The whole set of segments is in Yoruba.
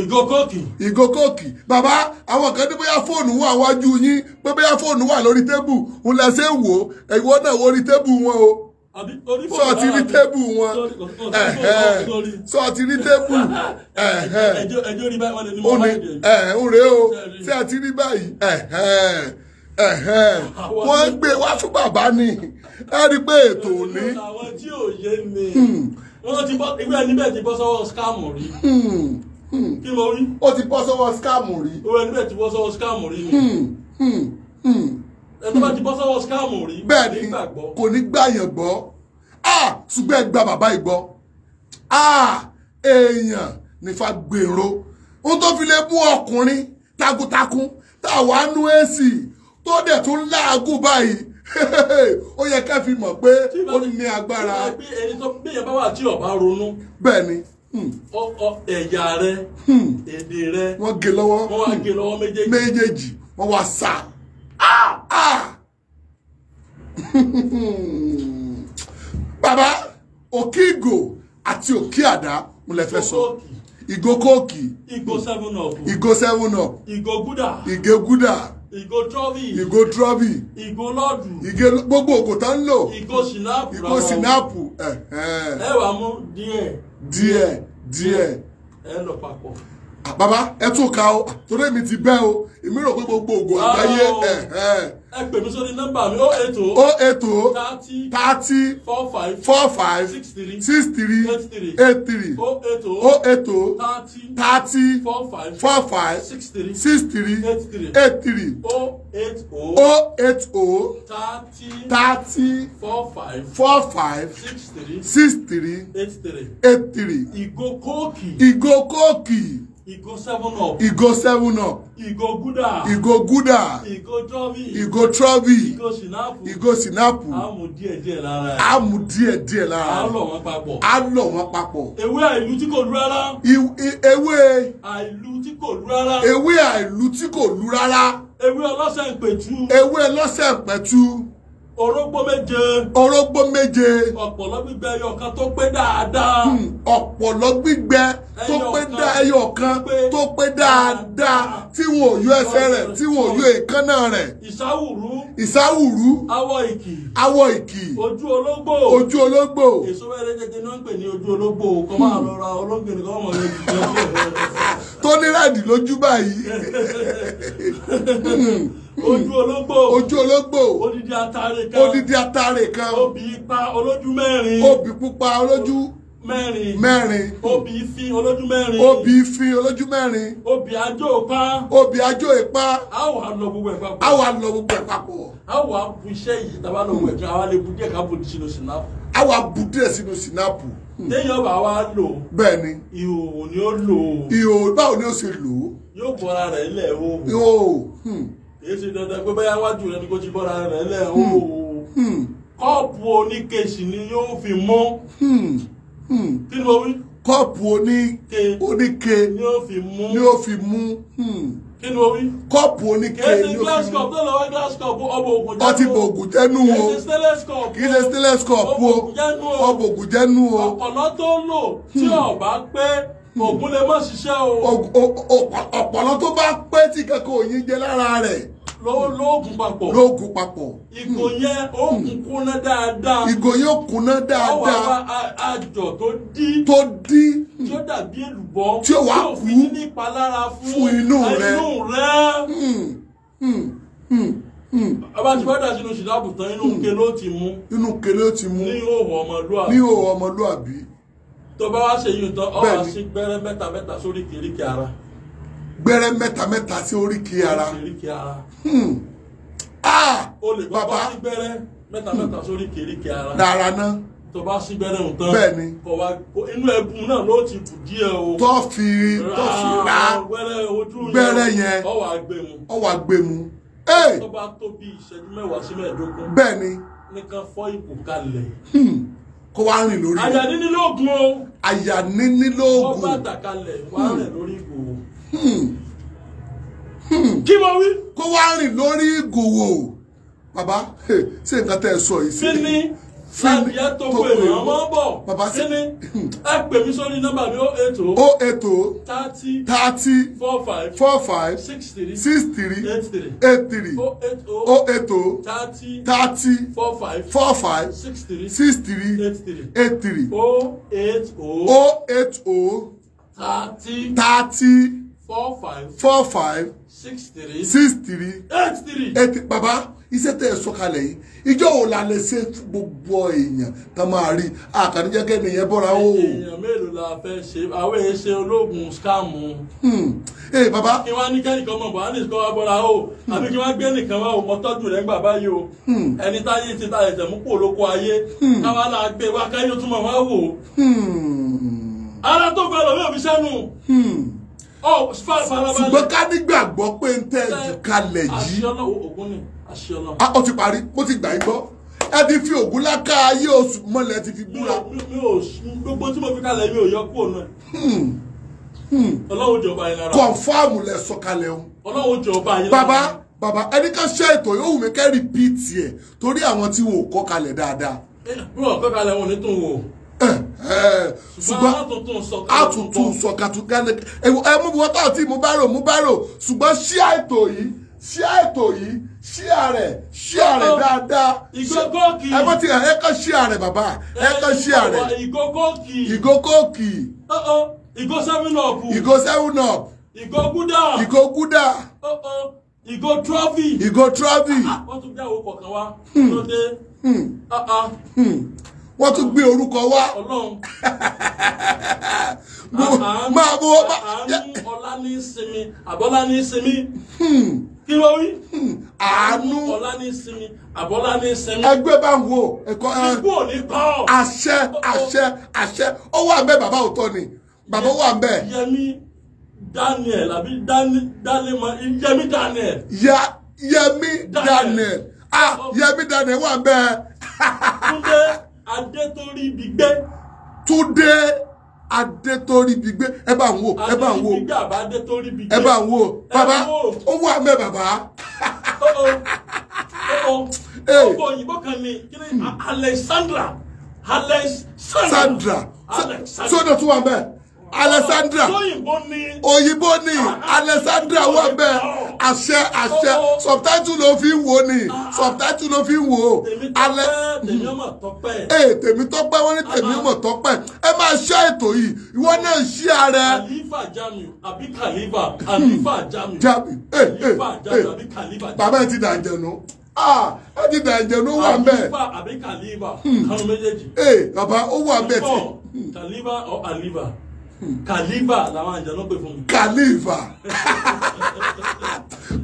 ìgò kóòkì. ìgò kóòkì bàbá àwọn kan ní bóyá fóònù wà wájú yín pé bóyá fóònù wà lórí tébù ń lẹ ṣe wò ẹ̀wọ́ náà wo orí tébù wọn o sọ ti rí tébù wọn sọ ti rí tébù ó ní òré o tí a ti rí báyìí wọ́n ń gbé wá fún bàbá ni ẹ rí i pé ètò ò ní. àwọn tí ò yé mi hmm. wọ́n ti bọ́ ìwé ẹni bẹ́ẹ̀ ti bọ́ sọ́wọ́ skáàmù rí. Hmm. Hmm. kí mo rí. ó ti bọ́ sọ́wọ́ skáàmù rí. owó ẹni bẹ́ẹ̀ ti bọ́ sọ́wọ́ skáàmù rí mi. Hmm, hmm, ẹni bá ti bọ́ sọ́wọ́ skáàmù rí. bẹ́ẹ̀ ni kò ní gbàyàn gbọ́ ṣùgbọ́n ẹ gba bàbá yìí gbọ́ èèyàn nífa gbèrò ohun tó fi lè mú ọkùnrin takuntakun táwa nú èsì tó dẹ̀ tún láàgùn báyìí ó yẹ ká fi mọ̀ pé ó ní agbára. tí bá ti bí ẹni tó bí èèyàn bá wà tí ọba ronú. bẹ́ẹ̀ Hmm. ẹ̀yà rẹ hmm. èdè rẹ wọ́n gé lọ́wọ́ wọ́n wá gé lọ́wọ́ méjèèjì méjèèjì wọ́n wá sà ah! ah! bàbá òkè ìgò àti òkè àdá mo lè fẹ́ sọ ìgò kóòkì ìgò seven up ìgò seven up ìgò gúdà ìgò gúdà ìgò trọ́bì. ìgò trọ́bì. ìgò lọ́dù. ìgò gbogbo ògò tá ìgò sinapu. ìgò sinapu. ẹ wá mú díẹ̀ díẹ̀ díẹ̀. ẹ lọ papọ̀. bàbá ẹ tún ka o torí mi ti bẹ́ o èmi pé gbogbo ògùn àgbáyé ẹ̀ ẹ̀ ẹ pè mí sórí nọ́mbà mi o oh eight o. Oh o oh eight o thirty thirty four five four five six three six three eight three eight three o eight o o eight o thirty thirty four five four five six three six three eight three eight three o eight o o thirty thirty four five four five six three six three eight three eight three. ìgò kóòkì. Ìgò seven up. Ìgò seven up. Ìgò gúdà. Ìgò gúdà. Ìgò trọ́bì. Ìgò trọ́bì. Ìgò sinapu. Ìgò sinapu. A mú díẹ̀ díẹ̀ lára ẹ̀. A mú díẹ̀ díẹ̀ lára ẹ̀. A lọ̀ wọ́n papọ̀. A lọ̀ wọ́n papọ̀. Ewé àìlú tí kò e, lú rárá. Ewé. Àìlú tí kò lú rárá. Ewé àìlú tí kò lú rárá. Ewé ọlọ́sẹ̀ ìpẹ̀tù. Ewé ọlọ́sẹ̀ ìpẹ̀tù orógbó méje. orógbó méje. ọ̀pọ̀lọ́ gbígbẹ ẹyọ kan tó pé dáadáa. Hmm, ọ̀pọ̀lọ́ gbígbẹ tó pé ẹyọ kan tó pé dáadáa tí wọn ò yọ ẹsẹ̀ rẹ̀ tí wọn ò yọ èékánná rẹ̀. ìsáwùrú. ìsáwùrú. awọ ìkì. awọ ìkì. ojú ológbò. ojú ológbò. èso wẹ́rẹ́ jẹjẹ ni wọ́n ń pè ní ojú ológbò kọ́ máa hmm. lọ ra ológbò nìkan ọmọ rẹ̀ jù lọ. tó ní ràdì lójú báyìí. Hmm ojú ológbò ojú ológbò odidi atare kan odidi atare kan Obi pupa olójú mẹ́rin obì pupa olójú mẹ́rin mẹ́rin Obi ìfin olójú mẹ́rin obì ìfin olójú mẹ́rin obì àjò ìpá obì àjò ìpá a wà lọ gbogbo ẹ̀ papọ̀ a wà lọ gbogbo ẹ̀ papọ̀ a wà bu iṣẹ́ yìí tàbá lọ wẹ̀ tún a wà lè bu díẹ̀ ká bu sínú sinapu a wà bu díẹ̀ sínú sinapu. téèyàn bá wa lò. bẹ́ẹ̀ni ìhòòhò ni ó lò. ìhòòhò báwo ni ó ṣe lò. yóò bọ́ra rẹ̀ lẹ̀ o. yóò. Hmm èyí ṣe dandan pé bóyá wájú rẹ ni kò ti bọ́ra rẹ lẹ́ hmm. o hmm. kọ́ọ̀pù oníkejì ni yóò fi mú kí ni mo wí. kọ́ọ̀pù oníke ni yóò fi mú kí ni mo wí. kọ́ọ̀pù oníke ni yóò fi mú. kì í ṣe glass cup tó lọ wá glass cup ọbọ ògùn jẹ́nu o. ọtí bò ògùn jẹ́nu o. kì í ṣe stainless cup o. kì í ṣe stainless cup o. ọbọ ògùn jẹ́nu o. ọ̀pọ̀lọ́ tó lò tí ọ̀bá hmm. pé ògùn lè má ṣiṣẹ́ o. ọ̀pọ̀lọ́ tó bá pẹ́ tí kankan ò yín jẹ lára rẹ̀. lóògùn papọ̀. lóògùn papọ̀. ìgò hmm. yẹn ó hmm. kún kúnná dáadáa. ìgò yẹn ó kúnná dáadáa. ó wà wá àjọ tó dí. tó dí. Hmm. tí ó dàbí èlùbọ́. tí ó wà kú. tí ó fi ní ìpalára fún inú rẹ. inú rẹ ọba tí bọ́dà sínú ṣìdáàbù tán inú kele ó ti mú. inú kele ó ti mú. ní ìhòòhò ọmọlúàbí. ní ìhòòhò ọmọlúàbí tó bá wá ṣe yìí tán ọ wá sí gbẹ́rẹ́ mẹ́ta mẹ́ta sórí kìríkì ara. gbẹ́rẹ́ mẹ́ta mẹ́ta sí oríkì ara. ara. Hmm. Ah! o lè kọ́kọ́ sí gbẹ́rẹ́ mẹ́ta mẹ́ta sórí kìríkì ara. dára náà tó bá sí gbẹ́rẹ́ òun tán bẹ́ẹ̀ni kò wá inú ẹ̀bùn náà ló ti kù díẹ̀ o. tó fi tó fi rà gbẹ́rẹ́ yẹn ọ wà gbé mu. tó bá tó ìṣẹ́jú mẹ́wàá sí mẹ́ẹ̀ẹ́dógún. bẹ́ẹ̀ni. nìkan fọ́ ìkù kalẹ̀. Hmm kó wá rìn lórí. àyà níní lóògùn o. àyà níní lóògùn. wọ́n bá àtàkalẹ̀ wá rìn hmm. lórí ìgò. Hmm. Hmm. kí mo wí. kó wá rìn lórí ìgò wò. bàbá ṣé nǹkan tẹ́ ẹ sọ yìí kí ni fún tó pè mí bàbá sí ẹ pè mí sórí nọ́mbà mi ó ètò ó ètò thirty thirty four five four five six three six three eight three eight three ó oh ètò oh. oh thirty thirty four five four five six three six three eight three eight three ó eight ó ó eight ó thirty thirty four five four five six three six three eight three eight bàbá iṣẹ́ tẹ́ ẹ sọ̀kalẹ̀ yìí ìjọ ò la lè ṣe gbogbo èèyàn tá máa rí àkànníjẹ́ kẹ́ nìyẹn bọ́ra o. èèyàn mélòó la fẹ́ ṣe àwọn èèyàn ṣe olóògùn skáàmù. Hmm. ee eh, baba. kí wọ́n á ní kẹ́nìkan mọ̀ bọ́ á ní ìṣòro bọ́ra o hmm. àbí kí wọ́n á gbé nìkan wá o mọ́tọ́jú rẹ̀ gbà báyìí o. Hmm. ẹni táyé ti ta ẹ̀jẹ̀ mú kó lóko ayé káwa la gbé wa káyọ̀ túmọ̀ wá wò. ara tó gbẹ lọ yóò fi sẹ́nu ṣùgbọ́n ká nígbàgbọ́ pé ń tẹ́ ẹ̀jú kalẹ̀ yìí ó ti parí mo ti gbà yín gbọ́ ẹ ti fi ògùn láká ayé oṣù mọ́lẹ̀ ti fi búra. gbogbo tí mo fi kalẹ̀ mi ò yọ kúrò náà. Hmm, hmm. ọlọ́run jọba yín lára. kọ̀ǹfàmù lẹ sọ̀kalẹ̀ o. ọlọ́run jọba yín lára. bàbá bàbá ẹni ká ṣe ètò yóò wù mí kẹ́ rìpíìtì ẹ̀ torí àwọn tí wọn ò kọ́ kalẹ̀ dáadáa. bí wọn kọ́ kalẹ̀ wọn ní tòun o ṣùgbọ́n àtúntún sọ̀kàtúnkálẹ̀ ẹ mú bí wọ́n tà tí mo bá rò mo bá rò ṣùgbọ́n ṣí àìtò yìí ṣíà ètò yìí ṣíà rẹ̀ ṣíà rẹ̀ dáadáa. ìgógó kì í. ẹ bọ́ ti hàn ẹ kọ́ ṣíà rẹ̀ bàbá ẹ kọ́ ṣíà rẹ̀. ìgógó kì í. ìgógó kì í. seven up. ìgó seven up. ìgó gúdà. ìgó gúdà. ìgó trọ́fì. ìgó trọ́fì. wọ́n tún gbé àwọn kọ̀ọ̀kan wá hmm. lóde. Hmm. Uh-uh. Hmm. wọ́n tún gbé orúkọ wá. ọlọ́run máa bọ́ máa. àánú ọlá ní sinmi àbọ́lá ní sinmi kí ló hmm, àánú ọlá ní sinmi ẹgbẹ́ bá ń wo ẹ̀kọ́ ẹ̀ sípò ní pọ́ọ̀. àṣẹ àṣẹ àṣẹ ó wà bàbá òótọ́ ni bàbá wà ń yẹmi daniel àbí daniel yẹmi daniel. ya yẹmi daniel ah yẹmi daniel wà ń túndé adétorí bí túndé adé tó ríbi gbé ẹ bá ń wò ẹ bá ń wò ẹ bá ń wò bàbá ó wà mẹ́ bàbá. ọkọ òyìnbó kan ni kí ni hmm. Alexandra Alexandra sọ́dọ̀ tún wà mẹ́ Alexandra òyìnbó ni uh-huh. Alexandra wà mẹ́. Uh-huh àṣẹ àṣẹ oh, oh. subtitle ló fi ń wò ni ah, ah. subtitle ló fi ń wò ó alẹ́ ee eh, tèmi tọ́pẹ́ wọ́n ní ah, tèmi mọ̀ tọ́pẹ́ ẹ máa ṣe ètò yìí ìwọ náà ṣí ara ẹ. àlífà jamiu àbí kàlífà àlífà hmm. jamiu àlífà jamiu eh, eh, àbí kàlífà jamiu. bàbá ẹ ti dàjẹ̀nu ẹ ti dàjẹ̀nu wà ń bẹ̀. àlífà àbí kàlífà hmm. kanu méjèèjì. ee bàbá ó wà ń bẹ̀ tí. kàlífà ọ̀ àlífà kàlífà làwọn àjànà pè fún mi. kàlífà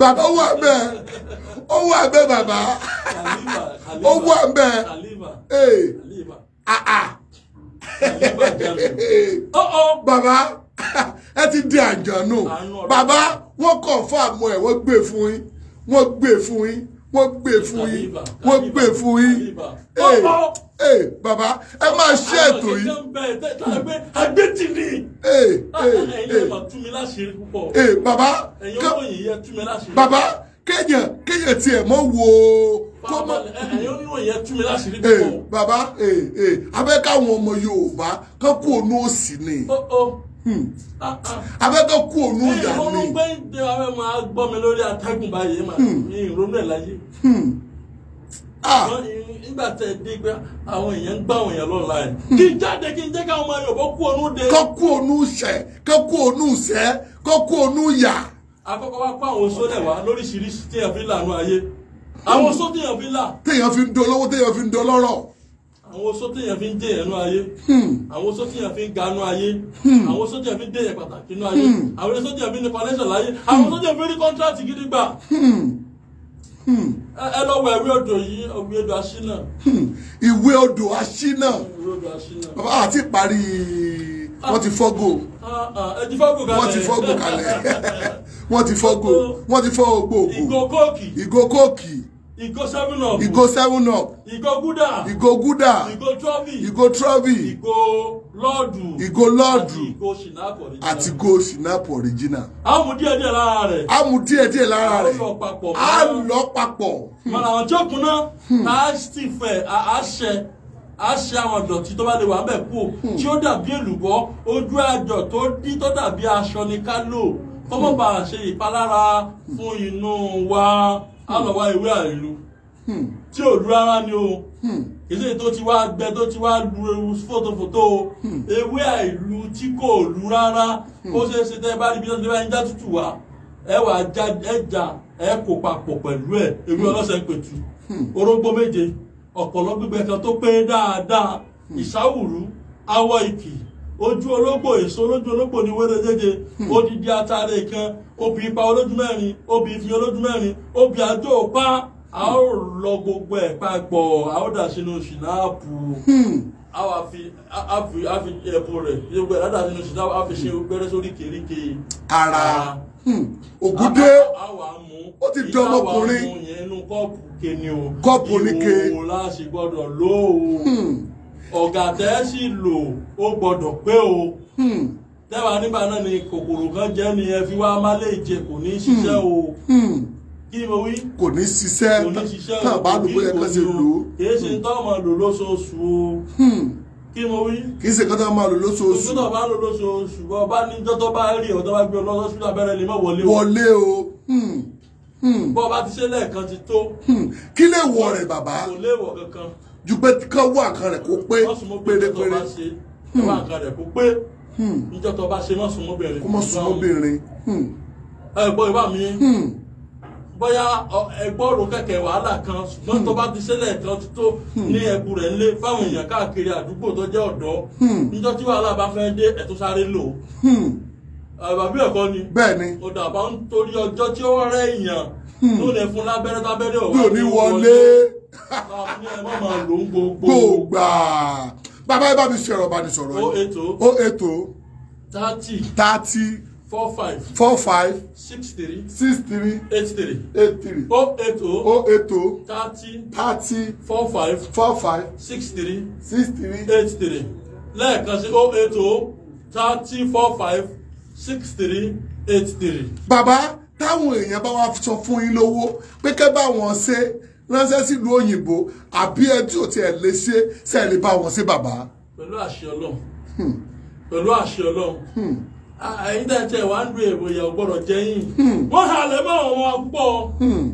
bàbá wà bẹ́ẹ̀ ó wà bẹ́ẹ̀ bàbá ó wà bẹ́ẹ̀ ee aa oh, oh. bàbá ẹ ti di àjànù bàbá wọ́n kọ̀ fún àmọ́ ẹ̀ wọ́n gbé e fún yín wọ́n gbé e fún yín wọ́n gbé e fún yín wọ́n gbé fún yín ee Baba. ẹ máa ṣe ètò yìí. àwọn ọ̀sẹ̀ kan bẹ́ẹ̀ agbẹ́tì ni. ee ee ẹ̀yin ọmọ tú mi láṣìírí púpọ̀. ee bàbá ẹ̀yin ọmọ kéèyàn kéèyàn tiẹ̀ mọ́ wo kó mọ́. ẹ̀yin oníwọ̀n yẹn láṣìírí púpọ̀. ee bàbá ee ee abẹ́ káwọn ọmọ Yorùbá kán kú ònú òsì ni hmm. ah, ah. abẹ́tọ̀ kú òun ìyá mi. ẹ̀yin ọlọ́gbẹ́ ń jẹ́ máa gbọ́ mi lórí atẹ́gùn báyìí mà ní hmm. ìrònú ẹ̀ láyé. Hmm. Ah. nígbà tẹ dé pé àwọn èèyàn ń gbà àwọn èèyàn lọ́la ẹ̀ kí n jáde kí n jẹ́ káwọn ọmọ Yorùbá kú ònú de. kọ́ kú ònú sẹ́ kọ́ kú ònú sẹ́ kọ́ kú ònú yà. àkọ́kọ́ wa pa àwọn sólẹ̀ wa lóríṣiríṣi téèyàn fi lànà ayé àwọn só téèyàn fi là. téèyàn fi ń dolówó téèyàn téèyàn fi ń dé ẹnu àwọn oṣó téèyàn fi ń ganú ayé hmm. àwọn oṣó téèyàn fi ń dé yẹn ayé hmm. àwọn oṣó téèyàn hmm. fi ń ní Hmm. ẹ lọ wọ ìwé odò yìí ìwé odò aṣínà. Hmm. ìwé odò aṣínà bàbá àti parí wọ́n ti fọ́gò wọ́n ti fọ́gò kalẹ̀ wọ́n ti fọ́gò wọ́n ti fọ́ ògbò ògbò ìgò kóòkì ìgò seven up ìgò seven up ìgò gúdà ìgò gúdà ìgò trọ́bì ìgò trọ́bì ìgò lọ́ọ̀dù ìgò lọ́ọ̀dù àti ìgò ṣìnàpù ọ̀ríjìnà. a mú díẹ̀ díẹ̀ lára rẹ̀. a mú díẹ̀ díẹ̀ lára rẹ̀. a lọ papọ̀. Hmm. Hmm. a lọ papọ̀. mọ̀nà àwọn tí ó kunná tá a sì fẹ́ a ṣẹ a ṣe àwọn ìdọ̀tí tó bá lè wà bẹ́ẹ̀ kú hmm. tí ó dàbí èlùbọ́ ojú àjọ tó dí tó dàbí aṣọ ni ká lò kọ́mọ́ bá a ṣe ìpalára fún inú wa a lọ wá ìwé àìlú tí ò dúró rárá ni o kìí tó ti wá gbẹ tó ti wá lu fòtòfòtò hmm. ewé àìlú tí kò lu rárá hmm. ó ṣe é ṣe tẹ bá níbi tó ti bá ń já tútù wá ẹ wà já ẹja ẹ kò papọ̀ pẹ̀lú ẹ ewé hmm. ọlọ́sẹ̀ pẹ̀tù orógbó méje ọ̀pọ̀lọ́ gbígbẹ kan tó pé dáadáa ìsáwùrú awọ ìkì ojú ológbò èso olójú ológbò ní wéré jẹjẹ odidi atare kan obì ipa olójú mẹ́rin obì ìfìyàn olójú mẹ́rin obì àjò pa a ó lọ gbogbo ẹ̀ papọ̀ a ó dà sínú ṣìnáàpù hmm. a wà fi a fi a fi ẹ̀bùn rẹ̀ gbogbo ẹ̀ dà sínú ṣìnáàpù a fi ṣe gbẹ́rẹ́ sórí kéríkè. ara hmm. ògúdé ó ti di ọmọkùnrin kọ́ọ̀pù ní ke. ìwò láṣì gbọ́dọ̀ lò ó hmm. ọ̀gá tẹ́ sì lò ó gbọ́dọ̀ pé o tẹ́wàá nígbà náà ni kòkòrò kan jẹ́ ni ẹ fi wá má lè jẹ kò ní í ṣiṣẹ́ o. Hmm kí mo wí. kò ní ṣiṣẹ́ tán bá lò bóyá kan ṣe lò ó. kì í ṣe tán máa lò lóṣooṣù o. kí mo wí. kì í ṣe kán tán máa lò lóṣooṣù. kí tán bá lò lóṣooṣù bọ́ bá ní jọ́tọ́ bá rí ọ̀dọ́ bá gbé ọlọ́sọ́ sí abẹ́rẹ́ lè má wọlé o. wọlé o. Hmm. Hmm. bọ́ bá ti ṣe lẹ́ẹ̀kan ti tó. Hmm. kí lè wọ rẹ̀ bàbá. kò lè wọ kankan. ju pé kán wà kan rẹ̀ kó pé pérépéré. wà kan tó bá ṣe mọ́sùn bóyá ẹgbọ́rò kẹ̀kẹ́ wàhálà kan ṣùgbọ́n tó bá ti ṣẹlẹ̀ kan tó ní ẹkù rẹ̀ lé fáwọn èèyàn káàkiri àdúgbò tó jẹ́ ọ̀dọ́ hmm. níjọ́ tí wàhálà bá fẹ́ dé ẹ̀ tó sáré lò hmm. àbàbí ẹ̀kọ́ ni bẹ́ẹ̀ni ó dàbá ń torí ọjọ́ tí ó rẹ̀ èèyàn hmm. tó lè fún lábẹ́rẹ́ tábẹ́rẹ́ ọ̀wá tó ní wọlé ní ẹ má máa lò ń gbogbo bàbá ẹ bá mi ṣe ọ̀rọ̀ bá mi sọ̀rọ̀ yìí ó ètò ó ètò thirty thirty four five four five six three six three eight three eight three O oh eight O, oh. O oh eight O, thirty thirty four five four five six three six three eight three lẹ́ẹ̀kan sí O eight O, thirty four five six three eight three. bàbá táwọn èèyàn bá wá sọ fún yín lówó pé kẹ́ bá wọn ṣe ránṣẹ́ sílùú òyìnbó àbí ẹtí ò tiẹ̀ lè ṣe ṣe lè bá wọn ṣe bàbá. pẹ̀lú àṣẹ ọlọ́run hmm. pẹ̀lú àṣẹ ọlọ́run hmm ẹ̀yin tẹ́ tẹ́ wá ń lu èèwọ̀ ìyàwó gbọ́dọ̀ jẹ́yìn hmm. wọ́n halẹ̀ àwọn ọmọ pọ̀ hmm.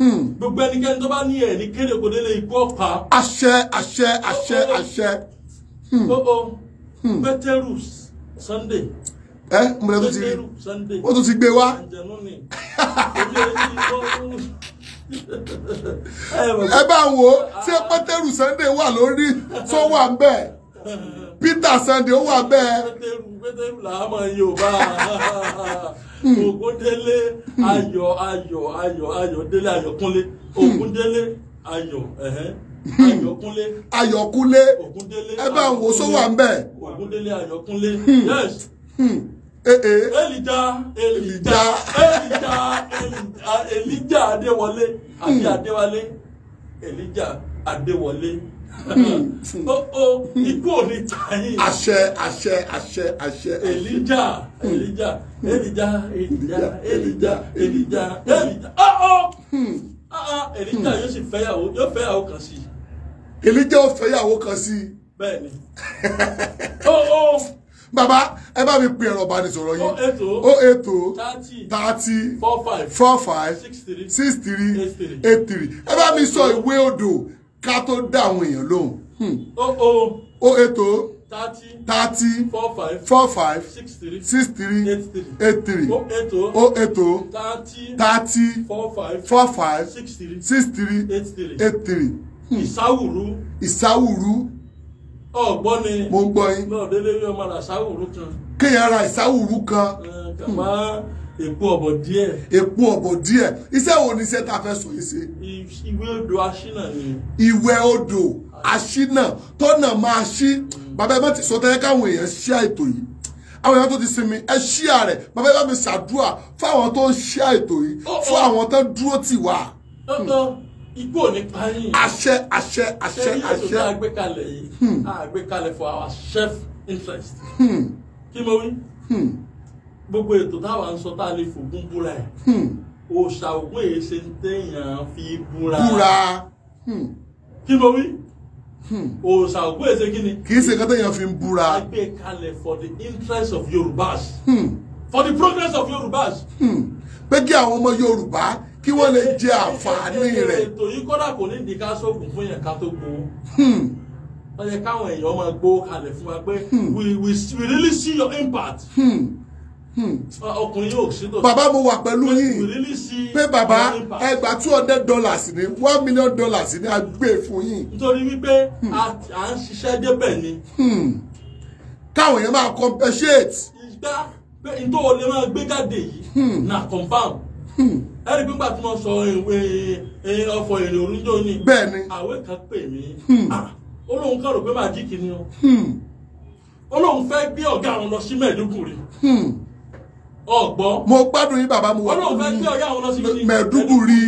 Hmm. gbogbo ẹnikẹ́ni tó bá ní ẹ̀ ní kéde kò délé ikú ọ̀pá. àṣẹ àṣẹ àṣẹ àṣẹ. o Pétérù Sunday. ẹ mo lè tún ti ó tún ti gbé wá. ẹ bá wo ṣé Pétérù Sunday wà lórí tó wà ń bẹ̀. Peter Sunday ó wà bẹ́ẹ̀. pétérù pétérù làá mọ̀ yorùbá hmm. ògúndélé ayọ̀ ayọ̀ ayọ̀ ayọ̀délé ayọ̀kúnlé hmm. ògúndélé ayọ̀ ayọ̀kúnlé hmm. ayọ̀kúnlé ògúndélé ẹ bá ń wo só wà ń bẹ̀. ògúndélé ayọ̀kúnlé yes. Eh, eh. Elija Elija Elija Elija Adéwọlé àti Adewale. Elija Adewale ó hmm. ó oh, oh, ikú ò ní ta yín. àṣẹ àṣẹ àṣẹ àṣẹ. èlíjà èlíjà èlíjà èlíjà èlíjà èlíjà èlíjà ọ̀ ọ̀ èlíjà yóò sì fẹ́yàwó yóò fẹ́yàwó kan sí. èlíjà ó fẹ́yàwó kan sí. bẹ́ẹ̀ni. ó ó. Oh, bàbá ẹ bá mi pè ẹ̀rọ ìbánisọ̀rọ̀ yìí. ó ètò ó ètò thirty four five six three eight three ẹ bá mi sọ ìwé odò ká tó dá àwọn èèyàn lóhùn. Hmm. o ètò thirty thirty four five four five six three eight three eight three oh o ètò thirty thirty four five four five six three eight three. Hmm. ìsáwùrú. ìsáwùrú. ọ̀gbọ́n ni mo ń gbọ́ yín. náà délé yóò máa ra ìsáwùrú kan. kéèyàn ra ìsáwùrú kan. kàmá. Hmm èpo ọ̀bọ̀ díẹ̀. èpo ọ̀bọ̀ díẹ̀ iṣẹ́ wo ni iṣẹ́ ta fẹ́ sọ yìí ṣe. ìwé odò aṣínà ni. ìwé odò aṣínà tọ́nà máa ṣí bàbá ẹ bá ti sọ tẹ́lẹ̀ káwọn èèyàn ṣí àìtò yìí àwọn èèyàn tó ti sinmi ẹ ṣí àrẹ bàbá ẹ bá mi ṣàdúrà fáwọn tó ń ṣí àìtò yìí oh, oh. fún àwọn tó ń dúró tì wá. igbó hmm. ní parí. àṣẹ àṣẹ àṣẹ àṣẹ. ṣé yíyàtọ̀ tá a gbé kalẹ̀ yìí hmm. a gbé for our self interest. Hmm. kí mo wí gbogbo ètò táwa ń sọ tá lè fògùn búra ẹ̀ hmm. òòṣà ògùn èyí ṣe ń téèyàn fi búra. búra. Hmm. kí ló wí hmm. òòṣà ògùn èyí ṣe kí ni. kì í ṣe kátó fi ń búra. a gbé kalẹ̀ for the interest of Yorubas. Hmm. for the progress of Yorubas. pé kí àwọn ọmọ Yorùbá kí wọ́n lè jẹ àǹfààní rẹ̀. ètò yìí kọ́dà kò ní ìdí ká sóògùn fún yẹn ká tó gbó. wọ́n yẹ káwọn èèyàn máa gbó kalẹ̀ fún wa pé we we really see your impact. Hmm. Hmm. Ah, ọkùnrin yóò ṣe tó. bàbá mo wà pẹ̀lú yín pé bàbá ẹgbàá two hundred dollars ni one million dollars ni a gbé fún yín. nítorí wípé à hmm. ń ṣiṣẹ́ débẹ̀ ni. Hmm. káwọn yẹn máa compensate. ìgbà pé ìtòwò lè máa gbé jáde yìí na confam. ẹ̀rí pípa tí mo sọ ọ̀fọ̀ èrè oníjó ni. bẹ́ẹ̀ni. àwẹ̀ kan pè mí ah, ó lóun kàn rò pé màá jí kìíní o ó lóun fẹ́ gbé ọ̀gá àwọn lọ sí mẹ́ẹ̀ẹ́dógún rẹ̀ ọgbọ́. mo gbádùn yín bàbá mo wà lórí mẹ̀ẹ́dúgùrì.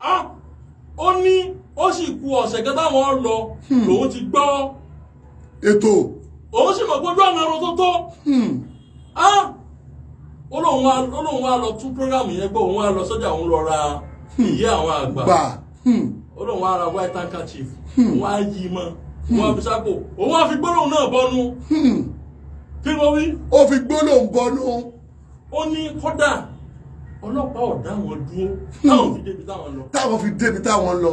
Ah, ó ní ó sì ku ọ̀sẹ̀ kan táwọn lọ hmm. lòun ti gbọ́. ètò. òun sì mọ̀ gbójú àmọ́ ẹran tó tó. Hmm. Ah, ó lóun lọ tún programu yẹn gbọ́ òun wá lọ sọ́jà òun lọ ra hmm. ìyá àwọn àgbà. ó lóun ra white handkerchief òun á yí mọ́ òun á fi sápò òun á fi gbólóhùn náà bọ́nu. kí ló wí. ó fi gbólóhùn bọ́nu ó ní kódà ọlọ́pàá ọ̀dá wọn dúró hmm. táwọn fi débi táwọn lọ. táwọn fi débi táwọn lọ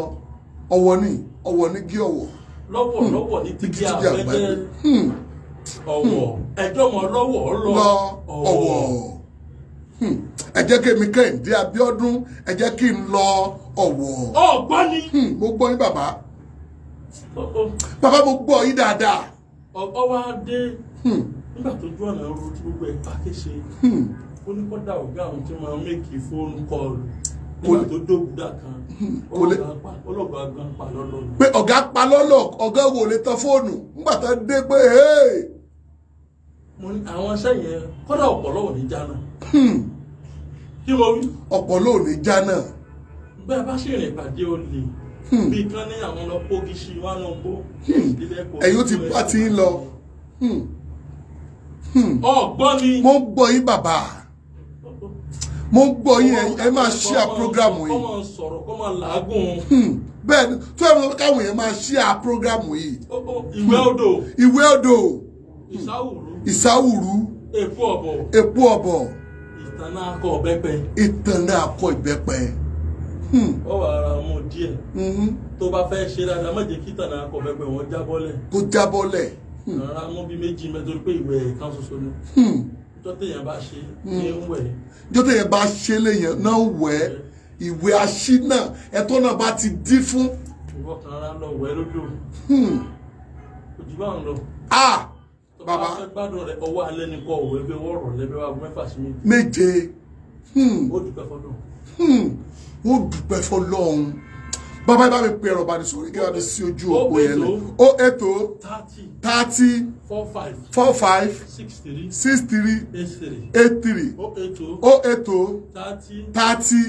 ọwọ́ ni ọwọ́ ni gé ọwọ́. lọ́wọ́ hmm. lọ́wọ́ ní ti gé àgbẹ̀jẹ̀ ọwọ́ ẹ̀dọ́mọ lọ́wọ́ lọ ọwọ́. Hmm. ẹ jẹ́ kí èmi Kẹ́hìndé Abíọ́dún ẹ jẹ́ kí n lọ ọwọ́. ọgbọ́n ni. mo gbọ́ yín bàbá bàbá mo gbọ́ yín dáadáa. ọ̀pọ̀ wa dé nígbà tó ju ọ̀nà ooru tí gbogbo ẹ̀ pàkíṣe ó ní kọ́dà ọ̀gá àwọn tí wọ́n mẹ́kì fóònù kọ́ọ̀lù nígbà tó dóògùdà kan ọlọ́gà gan pa lọ́lọ́. pé ọ̀gá pa lọ́lọ́ ọ̀gá wò lè tan fóònù nígbà tó dé pé mo ní àwọn iṣẹ́ yẹn kọ́dà ọ̀pọ̀lọ́ ò ní jáná. Hmm. kí mo wí. ọ̀pọ̀lọ́ ò ní jáná. bẹ́ẹ̀ bá sì rìn ìpàdé olè hmm. bí kan ní àwọn lọ pógìṣì wà lọ bó. Hmm. ẹ̀yin ó ti bá ti ń lọ. ọgbọ́n mi. mo ń gbọ́ yín bàbá mo ń gbọ́ yín ẹ máa ṣíà prógrámù yìí. kọ́mọ sọ̀rọ̀ kọ́mọ làágùn. Hmm, bẹ́ẹ̀ ni tó ẹ mọ káwọn yẹn máa ṣíà prógrámù yìí. Oh, oh, ìwé hmm, odò. ìwé odò. Hmm, ìsáwùrú. ìsáwùrú. èpo ọ̀bọ̀. èpo ọ̀bọ̀. ìtànà akọ ìbẹ́pẹ. ìtànà akọ ìbẹ́pẹ. ọ wà ara mọ díẹ̀. tó bá fẹ́ ṣe dáadáa má jẹ́ kí ìtànà akọ ìbẹ́pẹ wọn jábọ́lẹ̀. kó jábọ́lẹ̀. rárá mọ́ bí méjì mẹ́tò pé ìwé kan ṣoṣo ni jọ́tẹ̀yàn hmm. bá ṣe léèyàn náà wẹ̀ ìwé aṣínà ẹ̀tọ́ náà bá ti dí fún. ìwọ kan ara lọ wẹ̀ lójú òru. òjì hmm. bá ń lọ. a bàbá. ọba gbádùn rẹ ọwọ́ alẹ́ ni kò wẹ̀ bí wọ́ọ̀rọ̀ lẹ́bẹ̀ẹ́ wa mẹ́fà sí méje. méje. Hmm. ó dùpẹ́ fọlọ́run. ó dùpẹ́ fọlọ́run bàbá yìí bá mi pe ẹ̀rọ ìbánisọ̀rọ̀ kí wàá mi sí ojú òpó yẹn lẹ̀ o ètò thirty four five six three eight three o ètò thirty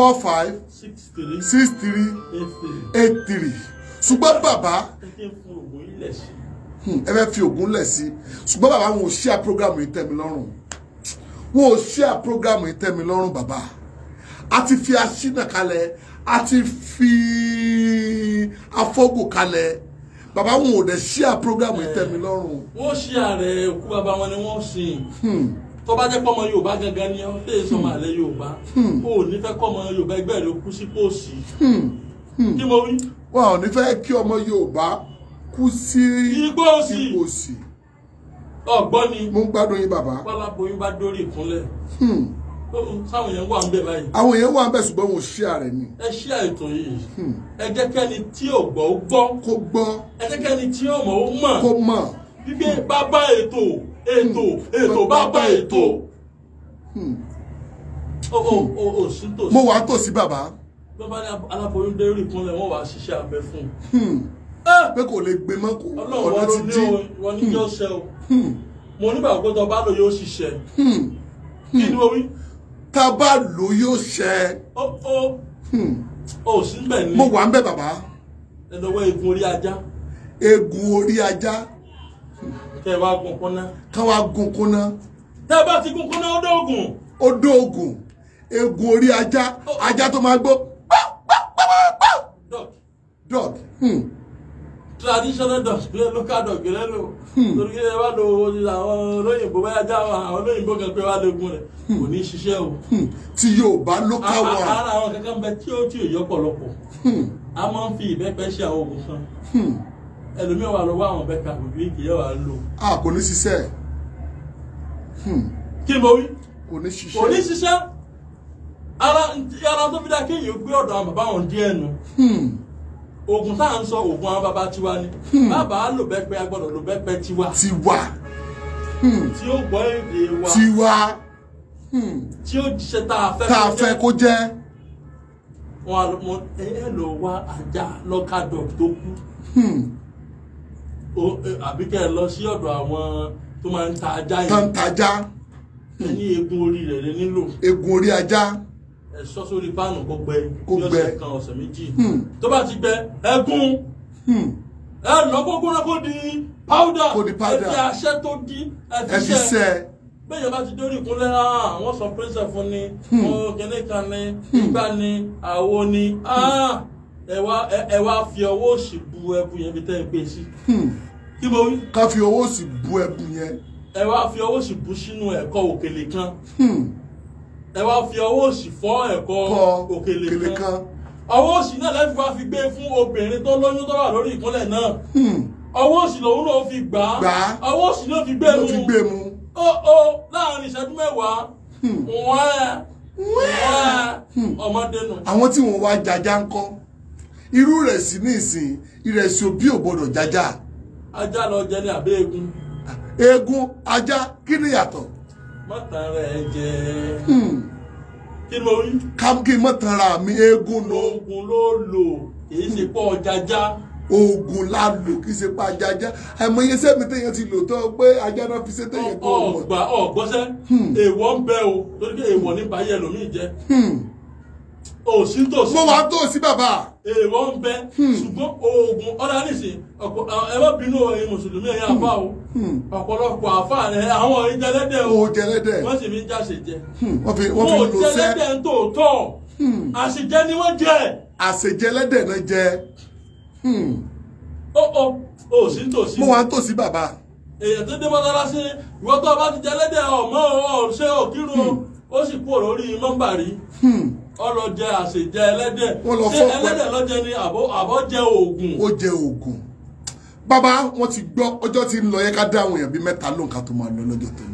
four five six three eight three eight three ṣùgbọ́n bàbá hmm, ẹ fẹ́ fi ògùn lẹ̀ sí ṣùgbọ́n bàbá wọn ò ṣíà programu yìí tẹ́ mi lọ́rùn wọn ò ṣíà programu yìí tẹ́ mi lọ́rùn bàbá a ti fi aṣínà kalẹ̀ a ti fi afọ́gùn kalẹ̀ baba wọn ò dẹ̀ ṣíà program ìtẹ̀mí eh. lọ́rùn. wọ́n ṣíà rẹ̀ òkú bàbá wọn ni wọ́n ṣe hmm. tó bá jẹ́ pọ́mọ yorùbá gangan ni ọ́n tẹ̀ sọmọ hmm. àlẹ́ yorùbá ó hmm. ní fẹ́ kọ́mọ yorùbá ẹgbẹ́ rẹ̀ kú sí pòsì kí mo wí. wọn ò ní fẹ́ kí ọmọ yorùbá kú sí ìgbòsì ọgbọ́n ni mo ń gbádùn yín bàbá. pálábóyún bá dórí ìkúnlẹ̀ sáwọn yẹn wà ń bẹ báyìí. àwọn yẹn wà ń bẹ ṣùgbọ́n wọn ò ṣí ààrẹ ni. ẹ ṣí àìtàn yìí hmm. ẹ jẹ́ kẹ́ni tí ò gbọ́ ó gbọ́. kó gbọ́. ẹ jẹ́ kẹ́ni tí ò mọ̀ ó mọ̀. kó mọ̀. wípé bàbá ètò ètò hmm. ètò bàbá ètò. Hmm. mo wà á tòsí bàbá. bàbá ní aláboyún dé rí ìpínlẹ̀ wọn wà á ṣiṣẹ́ abẹ fún un. Ah! pé kò lè gbé mọ́ kó ọ̀nà ti dín. ọlọ́run wọn ní yọ̀ọ́ṣẹ́ o mo nígbà gbọ́dọ̀ bá lóye ó ṣiṣẹ́ kí ni mo wí. ta a bá lò yóò ṣẹ. ó ó hmm. ó sí ni. mo wà ń bẹ bàbá. ẹ lọ wọ egun orí ajá. egun orí ajá. kẹ wá gun kúnná. ká wá gun kúnná. tẹ bá ti gun kúnná ó dé oògùn. ó dé oògùn egun orí ajá ajá tó máa gbó. dog. dog. Hmm. traditional dọ̀gbẹ́lẹ́ local dọ̀gbẹ́lẹ́ lò hmm. torí kí ẹ bá lo àwọn olóyìnbó bá yájá àwọn olóyìnbó kan pé wá lóògùn rẹ̀ hmm. kò ní ṣiṣẹ́ o. Hmm. tí yóò bá local wa. ara àwọn kankan bẹ tí ó tí ò yọpọlọpọ a máa ń fi ìbẹ́pẹ ṣe àwọn oògùn kan ẹlòmíràn wà lọ́wọ́ àwọn bẹ́ẹ̀ kan kò ní kì í yẹ wà lò. a kò ní ṣiṣẹ́. kí mo wí. kò ní ṣiṣẹ́. kò ní ṣiṣẹ́ ara tó fi dá kéèyàn gbé ọ̀dọ̀ àwọn bàbá wọn díẹ̀ nù oògùn tá à ń sọ oògùn àwọn baba tiwa ni hmm. bàbá lò bẹ́pẹ́ a gbọ́dọ̀ lò bẹ́pẹ́ tiwa. tiwa. Hmm. tí ó gbọ́ èdè wa. tiwa. Hmm. tí ó ṣe tá a fẹ́ kó jẹ́. tá a fẹ́ kó jẹ́. wọn àlọ mọ ẹ lọ wá ajá lọ́kadọ̀ tó kú. àbí kẹ́ lọ sí ọ̀dọ̀ àwọn tó máa ń ta ajá yìí. tó ń ta ajá. ẹni egun orí rẹ̀ lè nílò. egun orí ajá ẹ̀sọ́ sórí páànù kó gbẹ kó gbẹ ọ̀sẹ̀ kan ọ̀sẹ̀ méjì hmm. tó bá ti gbẹ ẹ̀gún hmm. ẹ lọ gbógbóná kó di powder kó di powder ẹ̀fí aṣẹ́ tó di ẹ̀fí sẹ́ bẹ́ẹ̀ bá ti dórí ìkúnlẹ̀ àwọn ah, sọ pẹ́sẹ̀ fún ni hmm. ọ̀gẹ̀dẹ̀ kan ni ìgbà ni àwo ni ah, ẹ fi ọwọ́ òsì bu ẹbu yẹn bí tẹ́ ẹ gbé sí kí mo wí. ká fi ọwọ́ òsì bu ẹbu yẹn. ẹ fi ọwọ́ òsì bu sínú ẹ̀kọ́ òkèlè kan. Hmm ẹ wá fi ọwọ́ òsì fọ́ ẹ̀kọ́ òkèlè kan ọwọ́ òsì náà lẹ́fi wá fi gbé fún obìnrin tó lóyún tó wà lórí ìkúnlẹ̀ náà hmm. ọwọ́ òsì lòun náà fi gbà á ọwọ́ òsì náà fi gbé mu ó ó láàrin ìṣẹ́jú mẹ́wàá hmm. wọ́n ẹ̀ hmm. ọmọdé nù. àwọn tí wọn wá jaja ń kọ́ irú rẹ̀ sí ní ìsìn ìrẹsì òbí ò gbọdọ̀ jaja. ajá lọ jẹ ní àbẹ́ eegun. Ah, eegun ajá kí ni yàtọ̀ mọ́tàrà ẹ jẹ. Hmm. kí ló rí. kábùkì mọ́tàrà mi eégún ló. oògùn ló lò kì í ṣe pọ̀ jájá oògùn la lò kì í ṣe pa ajájá àìmọye sẹ́mi téèyàn ti lò tó pé ajá náà fi ṣe téèyàn tó mọ̀. ọgbà hmm. èèwọ̀ ń bẹ o torí pé èèwọ̀ nípa ayé ẹlòmíì jẹ. Hmm òsì tòsí. mo wà tòsí bàbá. èèwọ̀ ń bẹ hmm. ṣùgbọ́n oògùn ọ̀dà nìsín ọ̀pọ̀ ẹ má bínú ẹ̀yin mùsùlùmí ẹ̀yin àfa o hmm. Hmm. ọ̀pọ̀lọpọ̀ àfa rẹ̀ àwọn ìjẹlẹ́dẹ̀ o jẹlẹ́dẹ̀ wọ́n sì fi ń jáse jẹ. wọ́n fi wọ́n fi lò sẹ́. wọ́n jẹlẹ́dẹ̀ ń tòótọ́ àṣejẹ ni wọ́n jẹ. àṣejẹlẹ́dẹ̀ náà jẹ. ó ó òsì tòsí. mo wà tòsí bàbá. èèyàn tó dé mọ́tálásí ìwọ́tọ̀ bá ti jẹlẹ́dẹ̀ ọ̀ ọlọjẹ àṣejẹ ẹlẹ́dẹ̀ ṣé ẹlẹ́dẹ̀ lọjẹ ni àbọ jẹ oògùn. ó jẹ oògùn bàbá wọn ti gbọ́ ọjọ́ tí ń lọ yẹ ká dá àwọn èèyàn bíi mẹ́ta lóǹkà tó máa lọ lọ́jọ́ tòun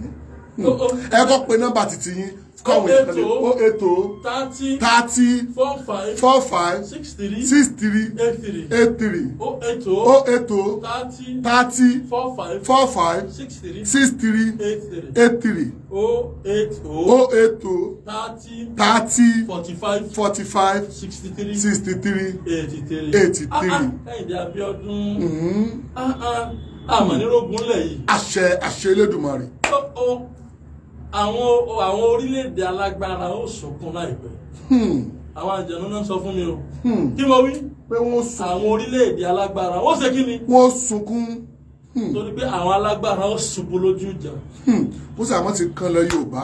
ẹ kọ́ pé nọ́mbà titi yín kọ̀wé o ètò thirty four five six three eight three o oh ètò oh, oh thirty four five six three eight three o O ètò thirty forty five sixty three eighty three. ẹ̀yìn ah, ah, Abíọ́dún àmọ̀ mm-hmm. ah, nírògùn lẹ̀ yìí. àṣẹ àṣẹ Elédùmarè àwọn àwọn orílẹ̀-èdè alágbára ó sọkún láìpẹ́ hmm. àwọn àjẹnú náà sọ fún mi o hmm. kí mo wí pé wọ́n sùn àwọn orílẹ̀-èdè alágbára ó ṣe kí ni wọ́n sunkún hmm. torí pé àwọn alágbára ó ṣubú lójú ìjà bùsà wọn ti kan lọ Yorùbá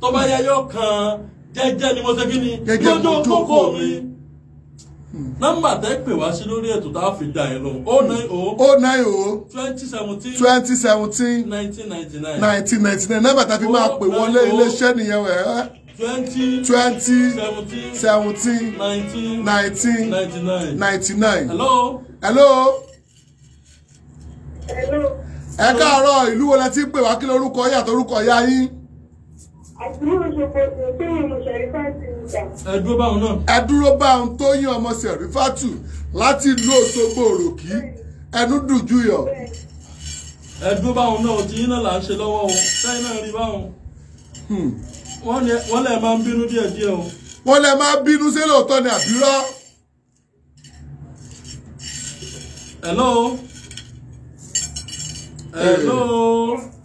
tó bá yẹ yóò kan jẹ́jẹ́ ni mo ṣe kí ni lójú kókó mi nọ́mbà tẹ́ pè wá sí lórí ètò tá a fi dà yín lóhùn o oh nine o oh o oh nine o twenty seventeen twenty seventeen nineteen ninety nine nineteen ninety nine nọ́mbà tá a fi máa pè wọlé iléeṣẹ́ nìyẹn wẹ̀ twenty twenty seventeen nineteen nineteen ninety nine. hello. hello. hello. ẹ káàárọ̀ ìlú wo la ti pè wá kí lórúkọ yàtọ̀ orúkọ yá yín ẹ báwọn náà. ẹ báwọn tó yín ọmọ sẹ̀rífàtù láti ìlú Òṣogbo òròkì ẹnu dùjú yọ. ẹ báwọn náà tí yín náà là ń ṣe lọ́wọ́ o sẹ́yìn náà rí báwọn. Hmm. wọ́n lẹ̀ máa ń bínú díẹ̀díẹ̀ o. wọ́n lẹ̀ máa ń bínú sí lóòótọ́ ni àbírọ́. hello. hello. Hey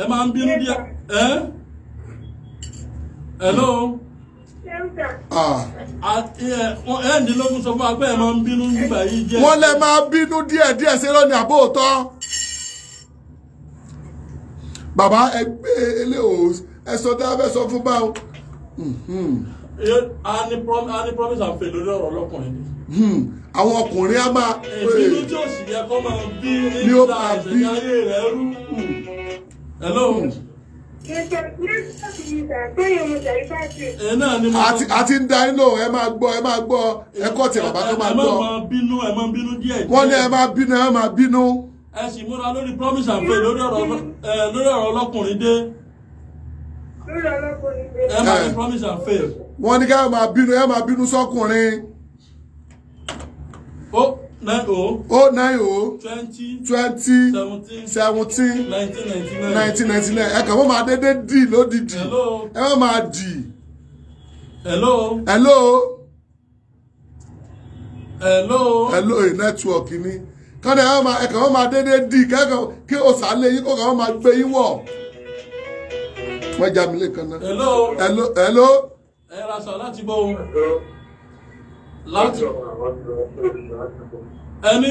ẹ máa ń bínú díẹ̀ ẹ́ hello ah. ẹ nílógún sọ fún wa pé ẹ máa ń bínú nígbà yìí jẹ́ wọ́n lẹ máa bínú díẹ̀ díẹ̀ sí lónìí àbóòtọ́ bàbá ẹ gbé eléhòòsì ẹsọ tá a fẹ́ sọ fún báwo. Hmm, hmm. a ní promise and fail lórí ọ̀rọ̀ ọlọ́kùnrin ni. Hmm, àwọn ọkùnrin á máa. èmi ló eh. tí ò sì yẹ kó máa bí nígbà àṣeyọrí rẹ̀ rú hello. a ti ń da yín lò ẹ máa gbọ́ ẹ máa gbọ́ ẹ kọ́ tí bàbá tó máa gbọ́. ẹ máa bínú ẹ máa bínú díẹ̀. wọ́n ní ẹ máa bínú ẹ máa bínú. ẹ sì múra lórí promise and pay lórí ọ̀rọ̀ ọlọ́kùnrin dé. lórí ọlọ́kùnrin dé. ẹ máa ní promise and pay. wọ́n ní ká ẹ máa bínú ẹ máa bínú sọ́kùnrin nine oh. oh nine oh. twenty. twenty. seventeen. seventeen. nineteen ninety nine. nineteen ninety nine. ẹ kàn fún máa dédé dì lódìdì. hello. ẹ má máa dì. hello. hello. hello. hello network ni kọ́ni ẹ máa ẹ kàn fún máa dédé dì kẹ́kọ̀ọ́ kí òsàlẹ̀ yín kó kàn fún máa gbé yín wọ̀. wọ́n já mi lé náà. hello. hello. hello. ẹ ra sọ láti bọ́ o láti ẹni.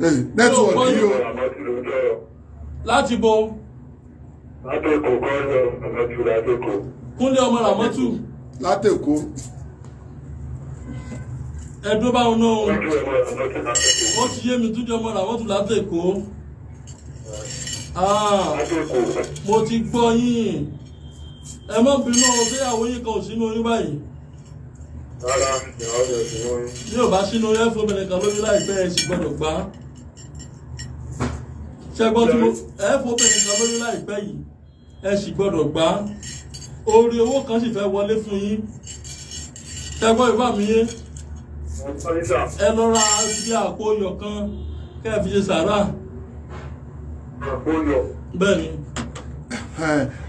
nẹ́tíwọ̀kì yìí o. láti bo. látẹ̀kọ̀ kọ́ńdọ̀ àmọ́tù látẹ̀kọ̀. kúnlé ọmọ ràmọ́tù. látẹ̀kọ̀. ẹ̀dùn báwọn náà wọ́n ti yé mi túnjọ́ ọmọ ràmọ́tù látẹ̀kọ̀. Ah. mo ti gbọ́ yín ẹ má bínú ọ̀rọ̀ bí àwọn yín kan ò sínú oyún báyìí rárá ìyàwó rẹ̀ kò wọ́n. bí ò bá sínú rẹ́ fóbìnrin kan lórí láìpẹ́ ẹ̀ sì gbọ́dọ̀ gbá. ṣẹ́gbọ́n tí mo ẹ fóbìnrin kan lórí láìpẹ́ yìí ẹ sì gbọ́dọ̀ gbá. orí owó kan sì fẹ́ wọlé fún yín. ṣẹ́gbọ́n ìfà mi yé. ẹ lọ ra bí àpò ọyọ̀ kan kẹ́ ẹ fi ṣe sàrà. àpò ọyọ̀. bẹ́ẹ̀ ni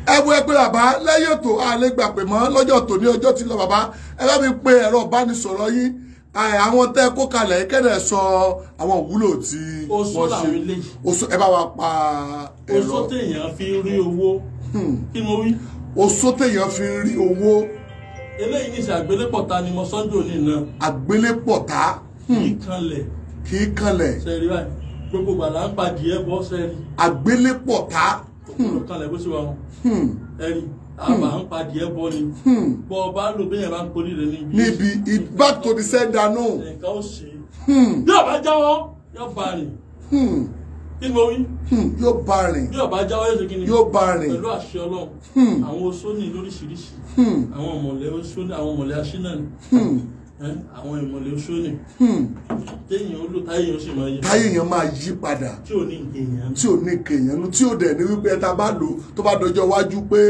ẹ wo ẹgbẹ́ bàbá lẹ́yìn ètò àlégbà pè mọ́ lọ́jọ́ tòní ọjọ́ ti lọ bàbá ẹ bá mi pe ẹ̀rọ ìbánisọ̀rọ̀ yín àwọn tẹ́ kó kalẹ̀ kẹ́dẹ̀ sọ àwọn òwúlò tí wọ́n ṣe oṣù ẹ bá wa pa ẹ̀rọ oṣù téèyàn fi ń rí owó hmm. kí mo wí. oṣù téèyàn fi ń rí owó. eléyìí ní sẹ́ àgbélépọ̀ta ni mo sọ́jọ́ òní náà. àgbélépọ̀ta. Hmm. kì í kanlẹ̀. kì í kanlẹ̀. sẹ́ẹ̀rì báyìí gbogbo gbàlà ń padì ẹ̀ bọ́ sẹ́ẹ̀rì. àgbélépọ̀ta. Hmm. kalẹ̀ bó ṣe wà wọn hmm. ẹ̀rí hmm. àbá ń padì ẹ ni bọ́ ọ bá lò bá ń poli rẹ níbi. níbi back to the sender no. nǹkan ó ṣe yóò bá jáwọ́ yóò bá rìn kí ni mo wí. yóò bá rìn yóò bá jáwọ́ yóò ṣe kí ni yóò bá rìn pẹ̀lú àṣẹ ọlọ́run àwọn oṣó ní lóríṣiríṣi àwọn ọmọlẹ́ oṣó àwọn ọmọlẹ́ aṣínà ni àwọn ìmọ̀lẹ̀ oṣó ni hmm. téèyàn ó lò táyéèyàn sì máa yí. táyéèyàn máa yí padà tí ò ní kèèyàn tí ò ní kèèyàn tí ò dẹ̀ ní wípé ẹta bá lò tó bá dọjọ́ wájú pé.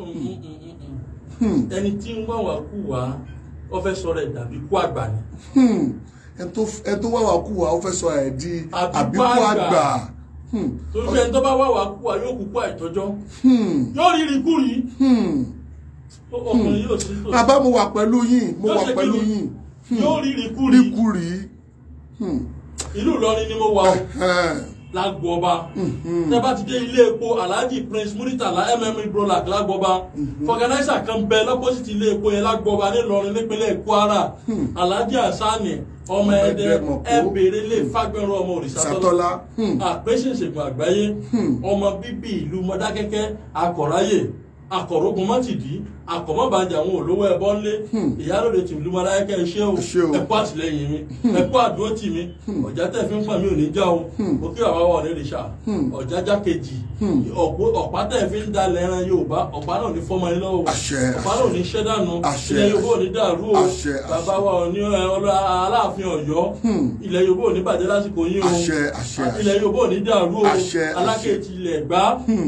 Hmm. Hmm. ẹni tí ń wáwà kú wá ó fẹ́ sọ rẹ̀ dàbí kú àgbà ni. ẹ tó wáwà kú wá ó fẹ́ sọ rẹ̀ di àbíkú àgbà torí pé ẹni tó bá wáwà kú wá yóò kú kú àìtọ́jọ́ yóò rí rí kú rí. Hmm. ọkùnrin yóò sí tòsí. bàbá mo wà pẹ̀lú yín mo wà pẹ̀lú yín. Hmm. yóò rí ríkúrí. Hmm. ìlú Ìlọrin ni mo wà o lágbọ́ba tẹ́ bá ti dé ilé epo alhaji prince muritala mm brola lágbọ́ba fọgànáísà kan bẹ lọ́pọ́sìtì ilé epo yẹn lágbọ́ba nílọrin nípínlẹ̀ kwara alhaji asani ọmọ ẹdẹ ẹbẹrẹ lè fagbẹrún ọmọ òrìṣàtọ́lá àpèsè ìṣègùn àgbáyé ọmọ bíbí ìlú mọdákẹ́kẹ́ akọ̀ráyè akọ̀rógun mọ́tìdí akọ̀mọ́bàjẹ́ àwọn olówó ẹbọ ńlé hmm. ìyálòde tìlú malayika ẹ ṣé o ẹ kú àtìlẹ́yìn mi hmm. ẹ kú àdúró tì mí hmm. ọ̀já tẹ̀ fi ń pọ̀ mí ò ní já o mo kí àwọn àwọn ọ̀rẹ́ rẹ̀ ṣá ọ̀jájá kejì ọ̀pá tẹ̀ fi ń dalẹ̀ ẹran yorùbá ọ̀pá náà ní fọ́mọ yín lọ́wọ́ ọ̀pá náà ní ṣẹ́ dànù ilẹ̀ yorùbá ò ní dàrú o bàbá wa ní aláàfin ọ̀yọ́ ilẹ̀ yorùbá ò ní bàjẹ́ lásìkò yín o ilẹ̀ yorùbá ò ní dàrú o alákejì ilẹ̀ gbá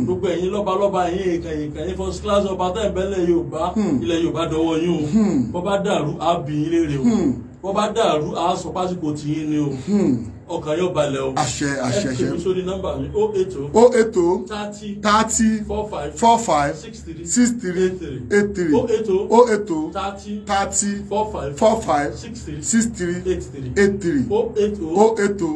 gbogbo ẹ̀yin lọ́balọ́ba ẹ̀yin èèkàn èèkàn ẹ̀yin fọ́ first class ọba tẹ́ ìbẹ́lẹ̀ yorùbá ilẹ̀ yorùbá dọwọ́ yín o hmm. bọ́ bá dàrú á bì í o hmm. bọ́ dàrú á sọ pásítọ̀ ni o. Hmm ọkàn yóò balẹ̀ o. àṣẹ àṣẹ àṣẹ. ẹ pèmí sórí nọ́mbà mi o oh eight o. Oh. o oh thirty thirty four five four five six three six three eight three. o eight o. o eight o. thirty thirty four five four five six three six three eight three eight three. o eight o. o thirty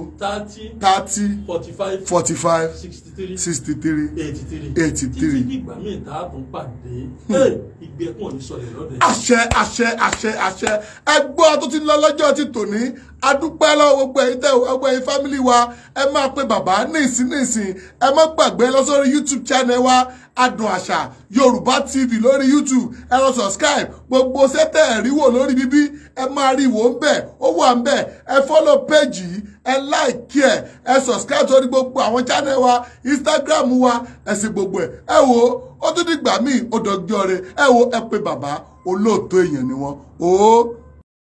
thirty forty five forty five sixty three sixty three eighty three eighty three. títí ìgbà míì tá a tún pàdé. Hmm. ìgbẹ́kùn ò ní sọ̀rọ̀ lọ́dẹ. àṣẹ àṣẹ àṣẹ àṣẹ ẹgbọ́n tó ti lọ lọ́jọ́ ti tòní adúpẹ́ lọ́wọ́ gbogbo ẹ̀yin tẹ́ gbogbo ẹ̀yin fámìlì wa ẹ máa pe bàbá nísìn nísìn ẹ má gbàgbé lọ YouTube channel wa Adùn Àṣà Yorùbá TV lórí YouTube ẹ subscribe gbogbo sẹ́tẹ̀ ẹ̀ríwò lórí bíbí ẹ máa rí ìwò ń bẹ̀ ó wà ń ẹ follow page yìí ẹ like ẹ ẹ subscribe sórí gbogbo àwọn channel wa Instagram wa ẹ sì gbogbo ẹ ẹ wo ó tún dìgbà míì ó dọjọ́ rẹ ẹ wo ẹ pe bàbá olóòótọ́ èèyàn ni wọ́n ó. Oh.